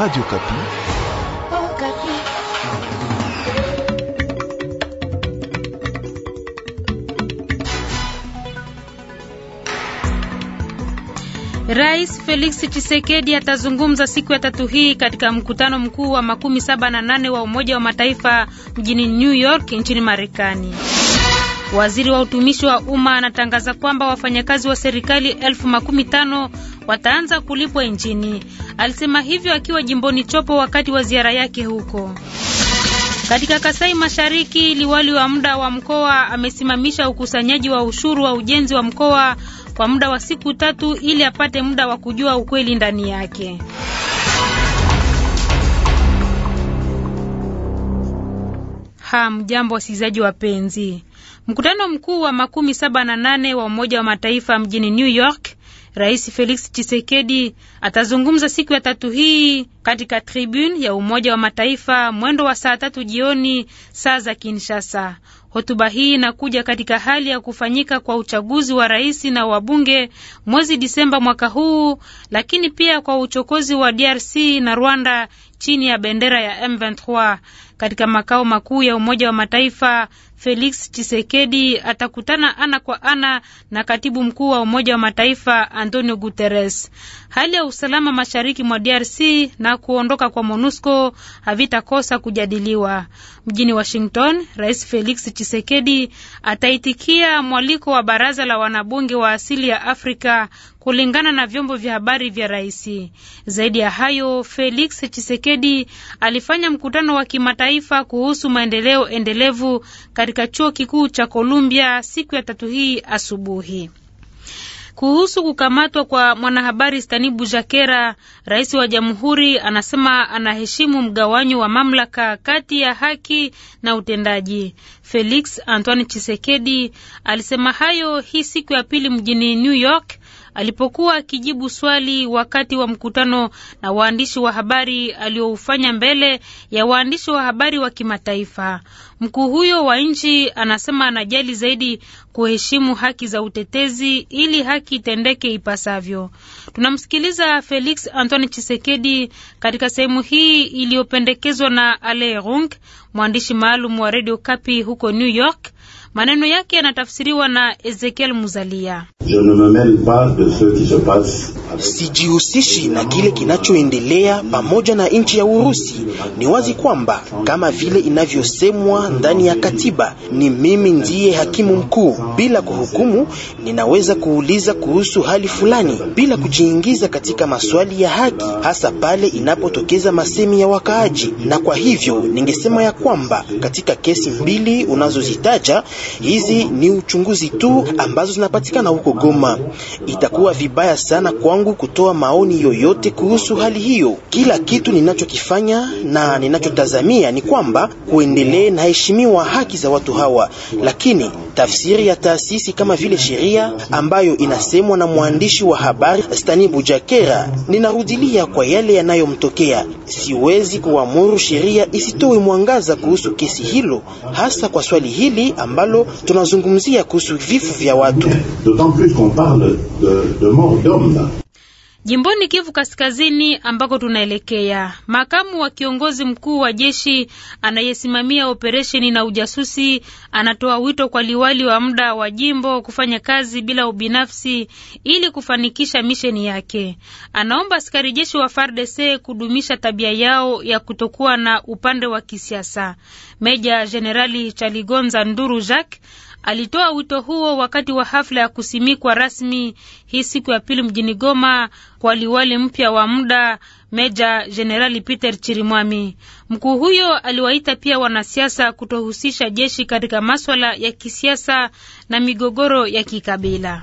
Radio Kapi. Oh, Kapi. Rais Felix Tshisekedi atazungumza siku ya tatu hii katika mkutano mkuu wa makumi saba na nane wa Umoja wa Mataifa mjini New York nchini Marekani. Waziri wa utumishi wa umma anatangaza kwamba wafanyakazi wa serikali elfu makumi tano wataanza kulipwa nchini. Alisema hivyo akiwa jimboni Chopo wakati wa ziara yake huko. Katika Kasai Mashariki, liwali wa muda wa mkoa amesimamisha ukusanyaji wa ushuru wa ujenzi wa mkoa kwa muda wa siku tatu ili apate muda wa kujua ukweli ndani yake. Hamjambo wasikilizaji wapenzi. Mkutano mkuu wa makumi saba na nane wa Umoja wa Mataifa mjini New York Rais Felix Tshisekedi atazungumza siku ya tatu hii katika tribune ya Umoja wa Mataifa mwendo wa saa tatu jioni saa za Kinshasa. Hotuba hii inakuja katika hali ya kufanyika kwa uchaguzi wa rais na wabunge mwezi Disemba mwaka huu, lakini pia kwa uchokozi wa DRC na Rwanda chini ya bendera ya M23 katika makao makuu ya Umoja wa Mataifa. Felix Tshisekedi atakutana ana kwa ana na katibu mkuu wa Umoja wa Mataifa Antonio Guterres. Hali ya usalama mashariki mwa DRC na kuondoka kwa MONUSCO havitakosa kujadiliwa mjini Washington. Rais Felix Tshisekedi ataitikia mwaliko wa Baraza la Wanabunge wa Asili ya Afrika kulingana na vyombo vya habari vya rais. Zaidi ya hayo, Felix chisekedi alifanya mkutano wa kimataifa kuhusu maendeleo endelevu katika chuo kikuu cha Columbia siku ya tatu hii asubuhi. Kuhusu kukamatwa kwa mwanahabari Stani Bujakera, rais wa jamhuri anasema anaheshimu mgawanyo wa mamlaka kati ya haki na utendaji. Felix Antoine Chisekedi alisema hayo hii siku ya pili mjini New York alipokuwa akijibu swali wakati wa mkutano na waandishi wa habari alioufanya mbele ya waandishi wa habari wa kimataifa. Mkuu huyo wa nchi anasema anajali zaidi kuheshimu haki za utetezi ili haki itendeke ipasavyo. Tunamsikiliza Felix Antoine Chisekedi katika sehemu hii iliyopendekezwa na Ale Rung, mwandishi maalum wa Radio Kapi huko New York. Maneno yake yanatafsiriwa na Ezekiel Muzalia. Sijihusishi na kile kinachoendelea pamoja na nchi ya Urusi. Ni wazi kwamba kama vile inavyosemwa ndani ya katiba, ni mimi ndiye hakimu mkuu. Bila kuhukumu, ninaweza kuuliza kuhusu hali fulani bila kujiingiza katika maswali ya haki, hasa pale inapotokeza masemi ya wakaaji. Na kwa hivyo ningesema ya kwamba katika kesi mbili unazozitaja Hizi ni uchunguzi tu ambazo zinapatikana huko Goma. Itakuwa vibaya sana kwangu kutoa maoni yoyote kuhusu hali hiyo. Kila kitu ninachokifanya na ninachotazamia ni kwamba kuendelee na heshimiwa haki za watu hawa, lakini tafsiri ya taasisi kama vile sheria ambayo inasemwa na mwandishi wa habari Stani Bujakera, ninarudilia kwa yale yanayomtokea. Siwezi kuamuru sheria isitoe mwangaza kuhusu kesi hilo, hasa kwa swali hili ambalo ambalo tunazungumzia kuhusu vifo vya watu. Jimboni Kivu Kaskazini ambako tunaelekea, makamu wa kiongozi mkuu wa jeshi anayesimamia operesheni na ujasusi anatoa wito kwa liwali wa muda wa jimbo kufanya kazi bila ubinafsi ili kufanikisha misheni yake. Anaomba askari jeshi wa FARDC kudumisha tabia yao ya kutokuwa na upande wa kisiasa. Meja Jenerali Chaligonza Nduru Jacques Alitoa wito huo wakati wa hafla ya kusimikwa rasmi hii siku ya pili mjini Goma kwa liwali mpya wa muda Meja Jenerali Peter Chirimwami. Mkuu huyo aliwaita pia wanasiasa kutohusisha jeshi katika maswala ya kisiasa na migogoro ya kikabila.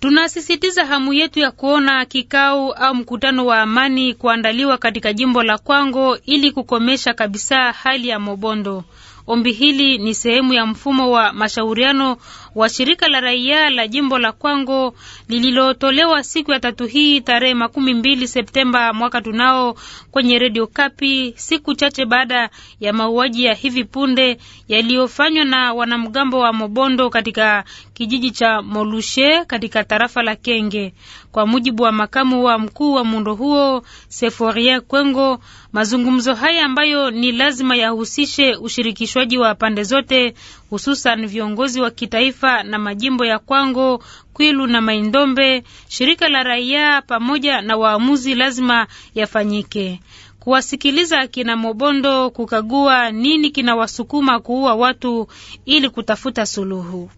Tunasisitiza hamu yetu ya kuona kikao au mkutano wa amani kuandaliwa katika jimbo la Kwango ili kukomesha kabisa hali ya Mobondo. Ombi hili ni sehemu ya mfumo wa mashauriano wa shirika la raia la jimbo la Kwango lililotolewa siku ya tatu hii tarehe makumi mbili Septemba mwaka tunao kwenye redio Kapi, siku chache baada ya mauaji ya hivi punde yaliyofanywa na wanamgambo wa Mobondo katika kijiji cha Molushe katika tarafa la Kenge. Kwa mujibu wa makamu wa mkuu wa muundo huo seforie Kwengo, mazungumzo haya ambayo ni lazima yahusishe ushirikishwaji wa pande zote hususan viongozi wa kitaifa na majimbo ya Kwango, Kwilu na Maindombe, shirika la raia pamoja na waamuzi lazima yafanyike kuwasikiliza kina Mobondo, kukagua nini kinawasukuma kuua watu ili kutafuta suluhu.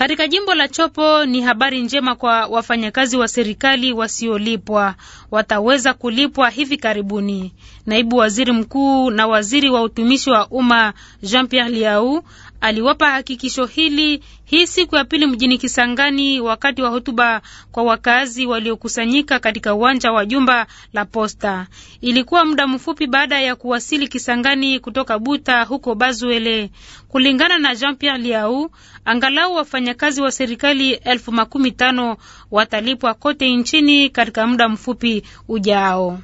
Katika jimbo la Chopo ni habari njema kwa wafanyakazi wa serikali wasiolipwa, wataweza kulipwa hivi karibuni. Naibu waziri mkuu na waziri wa utumishi wa umma Jean Pierre Liau aliwapa hakikisho hili hii siku ya pili mjini Kisangani wakati wa hotuba kwa wakazi waliokusanyika katika uwanja wa jumba la posta. Ilikuwa muda mfupi baada ya kuwasili Kisangani kutoka Buta huko Bazuele. Kulingana na Jean Pierre Liau, angalau wafanyakazi wa serikali elfu makumi tano watalipwa kote nchini katika muda mfupi ujao.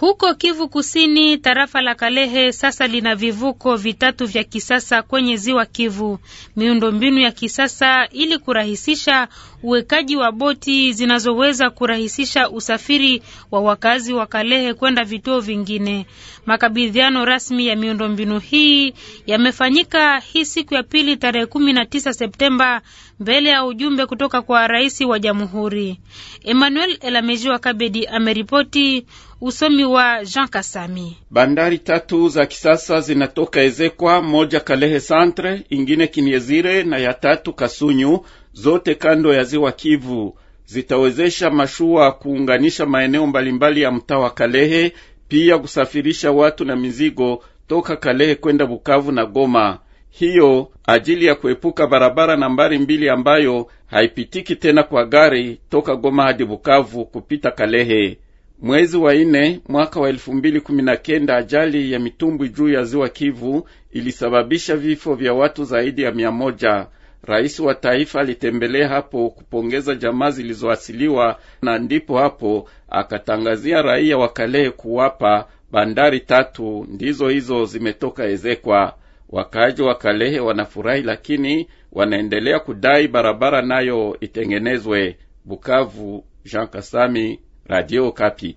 Huko Kivu Kusini, tarafa la Kalehe sasa lina vivuko vitatu vya kisasa kwenye ziwa Kivu, miundombinu ya kisasa ili kurahisisha uwekaji wa boti zinazoweza kurahisisha usafiri wa wakazi wa Kalehe kwenda vituo vingine. Makabidhiano rasmi ya miundombinu hii yamefanyika hii siku ya pili tarehe kumi na tisa Septemba mbele ya ujumbe kutoka kwa rais wa jamhuri. Emmanuel Elameji wa Kabedi ameripoti. Usomi wa Jean Kasami. Bandari tatu za kisasa zinatoka Ezekwa, moja Kalehe Centre, ingine Kinyezire na ya tatu Kasunyu zote kando ya ziwa Kivu zitawezesha mashua kuunganisha maeneo mbalimbali ya mtaa wa Kalehe, pia kusafirisha watu na mizigo toka Kalehe kwenda Bukavu na Goma. Hiyo ajili ya kuepuka barabara nambari mbili ambayo haipitiki tena kwa gari toka Goma hadi Bukavu kupita Kalehe. Mwezi wa ine mwaka wa elfu mbili kumi na kenda ajali ya mitumbwi juu ya ziwa Kivu ilisababisha vifo vya watu zaidi ya mia moja. Rais wa taifa alitembelea hapo kupongeza jamaa zilizoasiliwa, na ndipo hapo akatangazia raia wa Kalehe kuwapa bandari tatu, ndizo hizo zimetoka ezekwa. Wakaaji wa Kalehe wanafurahi, lakini wanaendelea kudai barabara nayo itengenezwe. Bukavu, Jean Kasami, Radio Kapi.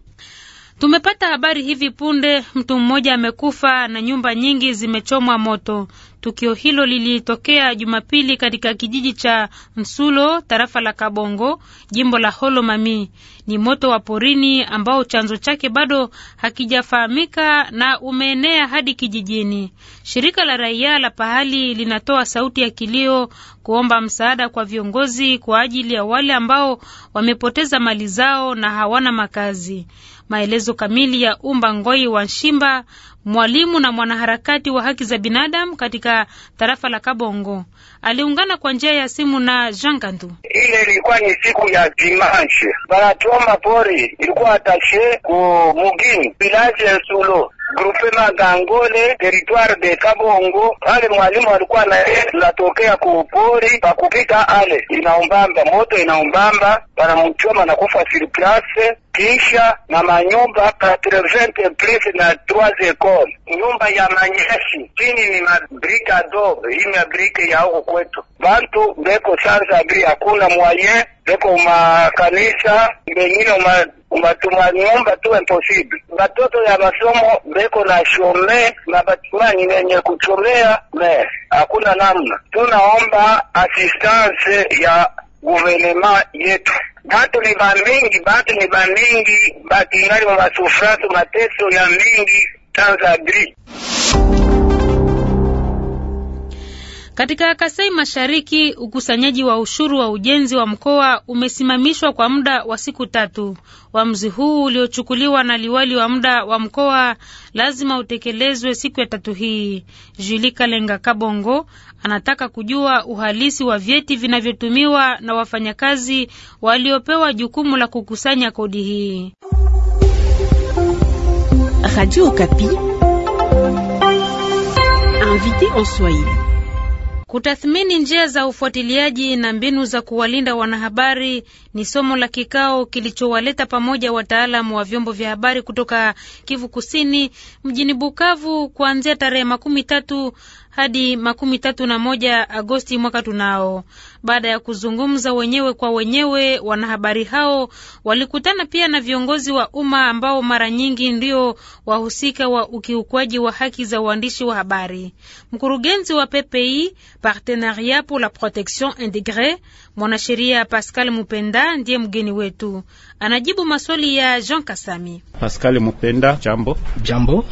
Tumepata habari hivi punde, mtu mmoja amekufa na nyumba nyingi zimechomwa moto. Tukio hilo lilitokea Jumapili katika kijiji cha msulo tarafa la Kabongo, jimbo la holo mami Ni moto wa porini ambao chanzo chake bado hakijafahamika na umeenea hadi kijijini. Shirika la raia la pahali linatoa sauti ya kilio kuomba msaada kwa viongozi kwa ajili ya wale ambao wamepoteza mali zao na hawana makazi. Maelezo kamili ya Umba Ngoi wa Shimba mwalimu na mwanaharakati wa haki za binadamu katika tarafa la Kabongo. Aliungana kwa njia ya simu na Jean Gandu. Ile ilikuwa ni siku ya dimanche, banatuomba pori ilikuwa atashe ku mugini village ya Sulo grupe Gangole territoire de Kabongo, ale mwalimu alikuwa na natokea kupori pakupika ale inaumbamba moto inaumbamba, banamchoma kufa siriplase kisha na manyumba plus na trois ecole nyumba ya manyesi chini ni mabrika adobe hii mabrika ya huko kwetu bantu beko sans abri hakuna mwaye beko makanisa bengine umatuma nyumba tu impossible batoto ya masomo beko na shome na batimani kuchomea me hakuna namna tunaomba assistance ya guvernema yetu batu ni bamingi batu ni bamingi bakingali mumasufuraso mateso ya mingi gri Katika Kasai Mashariki, ukusanyaji wa ushuru wa ujenzi wa mkoa umesimamishwa kwa muda wa siku tatu. Uamuzi huu uliochukuliwa na liwali wa muda wa mkoa lazima utekelezwe siku ya tatu hii. Julika Lenga Kabongo Anataka kujua uhalisi wa vyeti vinavyotumiwa na wafanyakazi waliopewa jukumu la kukusanya kodi hii. Kutathmini njia za ufuatiliaji na mbinu za kuwalinda wanahabari ni somo la kikao kilichowaleta pamoja wataalamu wa vyombo vya habari kutoka Kivu Kusini mjini Bukavu kuanzia tarehe makumi tatu hadi makumi tatu na moja Agosti mwaka tunao. Baada ya kuzungumza wenyewe kwa wenyewe, wanahabari hao walikutana pia na viongozi wa umma ambao mara nyingi ndio wahusika wa ukiukwaji wa haki za uandishi wa habari. Mkurugenzi wa PPI Partenariat pour la Protection Integree, mwanasheria Pascal Mupenda ndiye mgeni wetu, anajibu maswali ya Jean Kasami. Pascal Mupenda, jambo. Jambo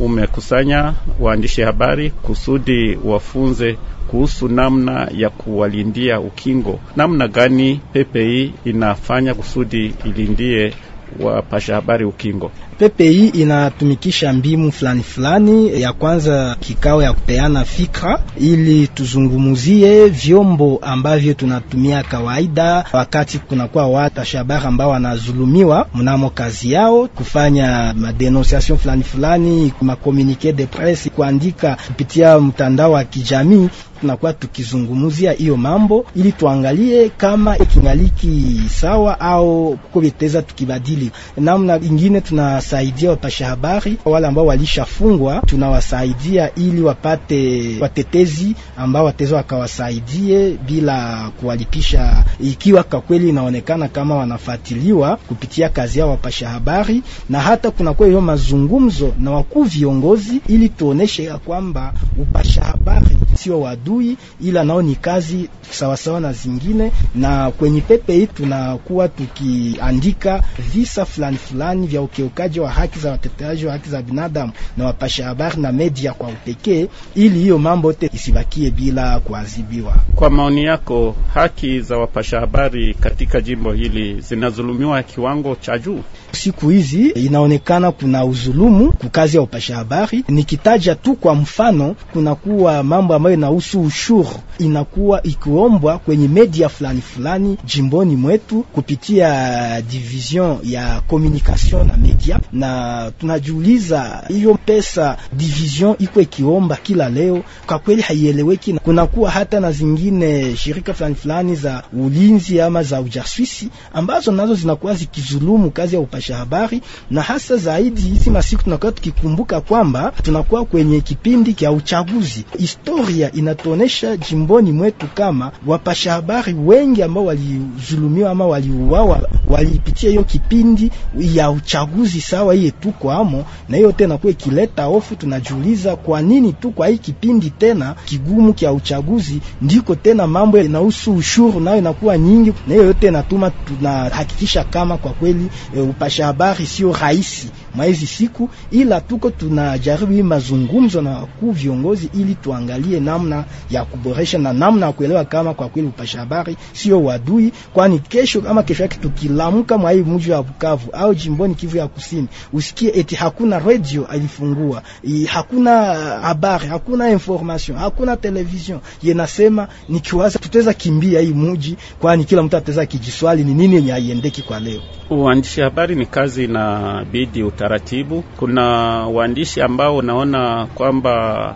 umekusanya waandishi habari kusudi wafunze kuhusu namna ya kuwalindia ukingo, namna gani pepe hii inafanya kusudi ilindie wapasha habari ukingo. PPI inatumikisha mbimu fulani fulani. Ya kwanza kikao ya kupeana fikra, ili tuzungumuzie vyombo ambavyo tunatumia kawaida wakati kunakuwa watu shabar ambao wanazulumiwa mnamo kazi yao, kufanya madenonciation fulani fulani, makomunike de presse, kuandika kupitia mtandao wa kijamii tunakuwa tukizungumzia hiyo mambo ili tuangalie kama ikingaliki sawa au kuko viteza tukibadili namna ingine tuna tunasaidia wapasha habari wale ambao walishafungwa, tunawasaidia ili wapate watetezi ambao wateza wakawasaidie bila kuwalipisha, ikiwa kwa kweli inaonekana kama wanafatiliwa kupitia kazi yao wapasha habari, na hata kunakuwa hiyo mazungumzo na wakuu viongozi, ili tuoneshe ya kwamba upasha habari sio wadui, ila nao ni kazi sawasawa na zingine. Na kwenye pepe hii tunakuwa tukiandika visa fulani fulani vya ukiukaji utetezi wa haki za watetezi wa haki za binadamu na wapasha habari na media kwa upekee, ili hiyo mambo yote isibakie bila kuadhibiwa. Kwa maoni yako, haki za wapasha habari katika jimbo hili zinazulumiwa kiwango cha juu? siku hizi inaonekana kuna uzulumu kukazi ya upasha habari. Nikitaja tu kwa mfano, kunakuwa mambo ambayo inahusu ushuru inakuwa ikiombwa kwenye media fulani fulani jimboni mwetu kupitia division ya communication na media, na tunajiuliza hiyo pesa division iko ikiomba kila leo, kwa kweli haieleweki. Kunakuwa hata na zingine shirika fulani fulani za ulinzi ama za ujasusi ambazo nazo zinakuwa zikizulumu kazi ya upasha kupasha habari, na hasa zaidi hizi masiku tunakuwa tukikumbuka kwamba tunakuwa kwenye kipindi cha uchaguzi. Historia inatuonesha jimboni mwetu kama wapasha habari wengi ambao walizulumiwa ama waliuawa walipitia hiyo kipindi ya uchaguzi sawa iye tuko amo, na hiyo tena kwa kileta hofu. Tunajiuliza kwa nini tu kwa hii kipindi tena kigumu kya uchaguzi ndiko tena mambo yanahusu ushuru nayo inakuwa nyingi, na hiyo yote inatuma tunahakikisha kama kwa kweli e, upasha habari sio rahisi mwaizi siku, ila tuko tunajaribu hii mazungumzo na wakuu viongozi, ili tuangalie namna ya kuboresha na namna ya kuelewa kama kwa kweli upasha habari sio wadui, kwani kesho kama kesho yake tuki Lamuka mwa hii mji wa Bukavu au jimboni Kivu ya Kusini, usikie eti hakuna radio alifungua, hakuna uh, habari, hakuna information, hakuna television. Yenasema nikiwaza tutaweza kimbia hii mji, kwani kila mtu ataweza kijiswali ni nini yenye haiendeki kwa leo. Uandishi habari ni kazi inabidi utaratibu. Kuna waandishi ambao naona kwamba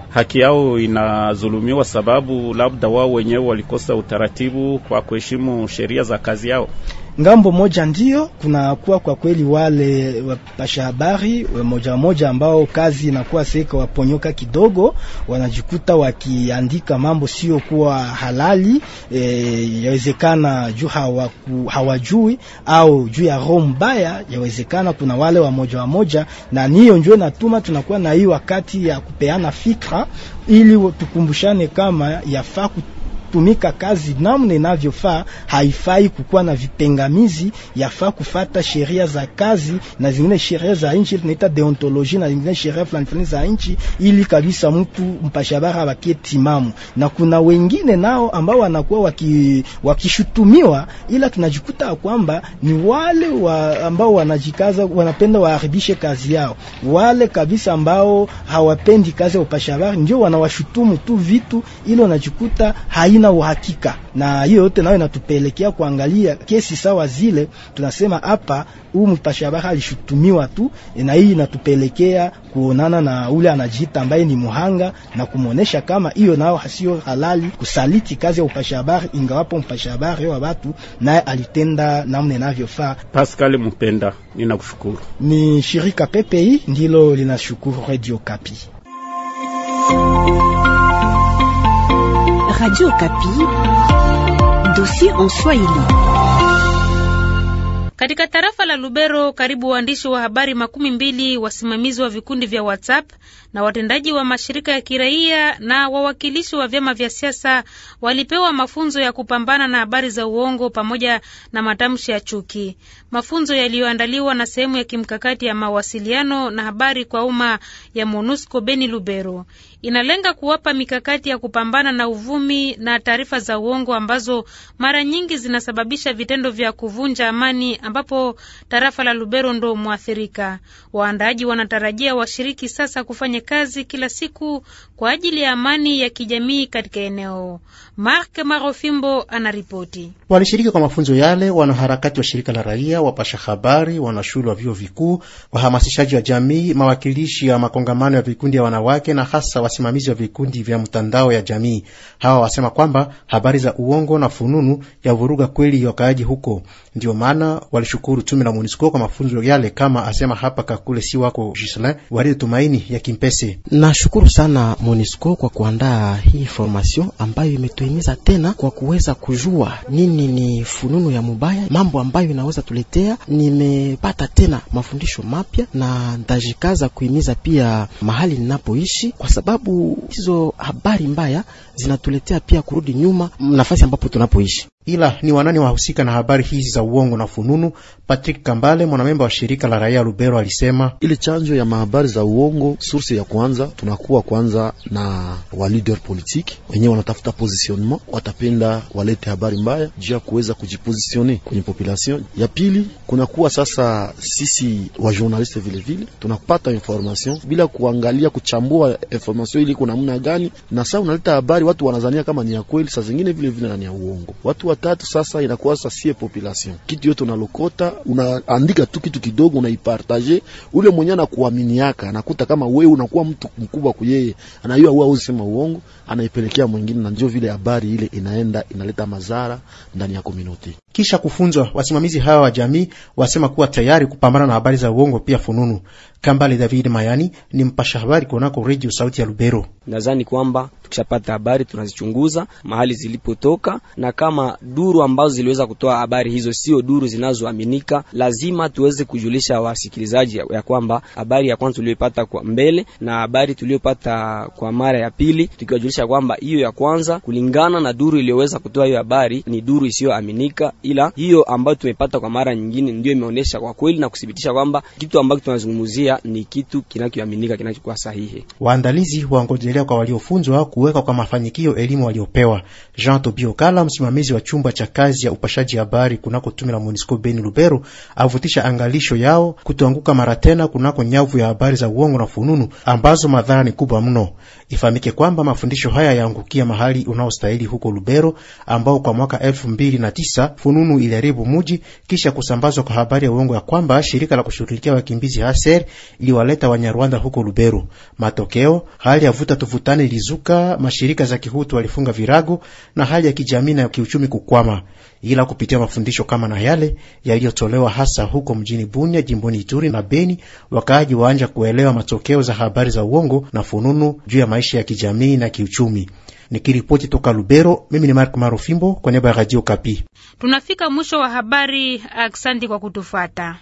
haki yao inazulumiwa, sababu labda wao wenyewe walikosa utaratibu kwa kuheshimu sheria za kazi yao. Ngambo moja ndio kunakuwa kwa kweli wale wapasha habari moja moja ambao kazi inakuwa seka waponyoka kidogo, wanajikuta wakiandika mambo sio kuwa halali e, yawezekana juu hawaku, hawajui au juu ya roho mbaya, yawezekana kuna wale wa moja wa moja, na niyo njoo natuma tunakuwa na hii wakati ya kupeana fikra ili tukumbushane kama yafaa kutumika kazi namna inavyofaa, haifai kukuwa na vipengamizi, yafaa kufata sheria za kazi na zingine sheria za nchi, tunaita deontology na zingine sheria fulani fulani za nchi, ili kabisa mtu mpashabara wakie timamu. Na kuna wengine nao ambao wanakuwa waki, wakishutumiwa, ila tunajikuta kwamba ni wale wa ambao wanajikaza, wanapenda waharibishe kazi yao, wale kabisa ambao hawapendi kazi ya upashabara ndio wanawashutumu tu vitu, ili wanajikuta haina hazina uhakika, na hiyo yote nayo inatupelekea kuangalia kesi sawa zile. Tunasema hapa huyu mpasha habari alishutumiwa tu, eh, na hii inatupelekea kuonana na ule anajiita ambaye ni muhanga na kumwonesha kama hiyo nao hasio halali kusaliti kazi ya upasha habari, ingawapo mpasha habari wa watu naye alitenda namna inavyofaa. Pascal Mpenda, ninakushukuru. Ni shirika PPI ndilo linashukuru Radio Kapi. Radio Kapi, dossier en Swahili. Katika tarafa la Lubero, karibu waandishi wa habari makumi mbili, wasimamizi wa vikundi vya WhatsApp na watendaji wa mashirika ya kiraia na wawakilishi wa vyama vya siasa walipewa mafunzo ya kupambana na habari za uongo pamoja na matamshi ya chuki, mafunzo yaliyoandaliwa na sehemu ya kimkakati ya mawasiliano na habari kwa umma ya MONUSCO Beni Lubero inalenga kuwapa mikakati ya kupambana na uvumi na taarifa za uongo ambazo mara nyingi zinasababisha vitendo vya kuvunja amani, ambapo tarafa la Lubero ndo mwathirika. Waandaaji wanatarajia washiriki sasa kufanya kazi kila siku kwa ajili ya amani ya kijamii katika eneo. Mark Marofimbo anaripoti walishiriki kwa mafunzo yale wanaharakati wa shirika la raia, wapasha habari, wanashule wa vyuo vikuu, wahamasishaji wa jamii, mawakilishi ya makongamano ya vikundi ya wanawake na hasa wasimamizi wa vikundi vya mtandao ya jamii. Hawa wasema kwamba habari za uongo na fununu ya vuruga kweli wakaaji huko, ndio maana walishukuru tume la MONUSCO kwa mafunzo yale, kama asema hapa Kakule si wako Gislin Waridi Tumaini ya Kimpese. Nashukuru sana MONUSCO kwa kuandaa hii formation ambayo imetuhimiza tena kwa kuweza kujua nini lakini ni fununu ya mubaya, mambo ambayo inaweza tuletea. Nimepata tena mafundisho mapya na ndajikaza kuhimiza pia mahali ninapoishi, kwa sababu hizo habari mbaya zinatuletea pia kurudi nyuma nafasi ambapo tunapoishi ila ni wanani wahusika na habari hizi za uongo na fununu. Patrick Kambale, mwanamemba wa shirika la raia Lubero, alisema ile chanjo ya mahabari za uongo, source ya kwanza tunakuwa kwanza na wa leader politique wenyewe wanatafuta positionnement, watapenda walete habari mbaya juu ya kuweza kujipositione kwenye population. Ya pili kunakuwa sasa sisi wa journaliste vile vile tunapata information bila kuangalia kuchambua information ili kuna namna gani, na saa unaleta habari watu wanazania kama ni ya kweli, saa zingine vile vile na ni ya uongo watu inakuwa tatu, sasa inakuwa sie population. Kitu yote unalokota unaandika tu kitu kidogo, unaipartage ule mwenye anakuaminiaka anakuta kama wewe unakuwa mtu mkubwa yeye anayua wewe usema uongo, anaipelekea mwingine, na ndio vile habari ile inaenda inaleta mazara ndani ya community. Kisha kufunzwa wasimamizi hawa wa jamii wasema kuwa tayari kupambana na habari za uongo pia fununu. Kambale David Mayani ni mpasha habari kunako Radio Sauti ya Lubero. Nadhani kwamba tukishapata habari tunazichunguza mahali zilipotoka, na kama duru ambazo ziliweza kutoa habari hizo sio duru zinazoaminika, lazima tuweze kujulisha wasikilizaji ya kwamba habari ya kwanza tuliyopata kwa mbele na habari tuliyopata kwa mara ya pili, tukiwajulisha kwamba hiyo ya kwanza kulingana na duru iliyoweza kutoa hiyo habari ni duru isiyoaminika ila hiyo ambayo tumepata kwa mara nyingine ndio imeonesha kwa kweli na kuthibitisha kwamba kitu ambacho tunazungumzia ni kitu kinachoaminika kinachokuwa sahihi. Waandalizi wangojelea kwa waliofunzwa kuweka kwa mafanikio elimu waliopewa. Jean Tobio Kala, msimamizi wa chumba cha kazi ya upashaji habari kunako tume la MONUSCO Beni Lubero, avutisha angalisho yao kutoanguka mara tena kunako nyavu ya habari za uongo na fununu ambazo madhara ni kubwa mno. Ifahamike kwamba mafundisho haya yaangukia mahali unaostahili huko Lubero ambao kwa mwaka elfu mbili na tisa fununu iliharibu muji kisha kusambazwa kwa habari ya uongo ya kwamba shirika la kushughulikia wakimbizi Haser iliwaleta Wanyarwanda huko Lubero. Matokeo, hali ya vuta tuvutani ilizuka, mashirika za kihutu walifunga virago na hali ya kijamii na kiuchumi kukwama. Ila kupitia mafundisho kama na yale yaliyotolewa hasa huko mjini Bunya, jimboni Ituri na Beni, wakaaji waanja kuelewa matokeo za habari za uongo na fununu juu ya maisha ya kijamii na kiuchumi. Nikiripoti toka Lubero, mimi ni Mark Marofimbo kwa niaba ya Radio Kapi. Tunafika mwisho wa habari. Asante kwa kutufata.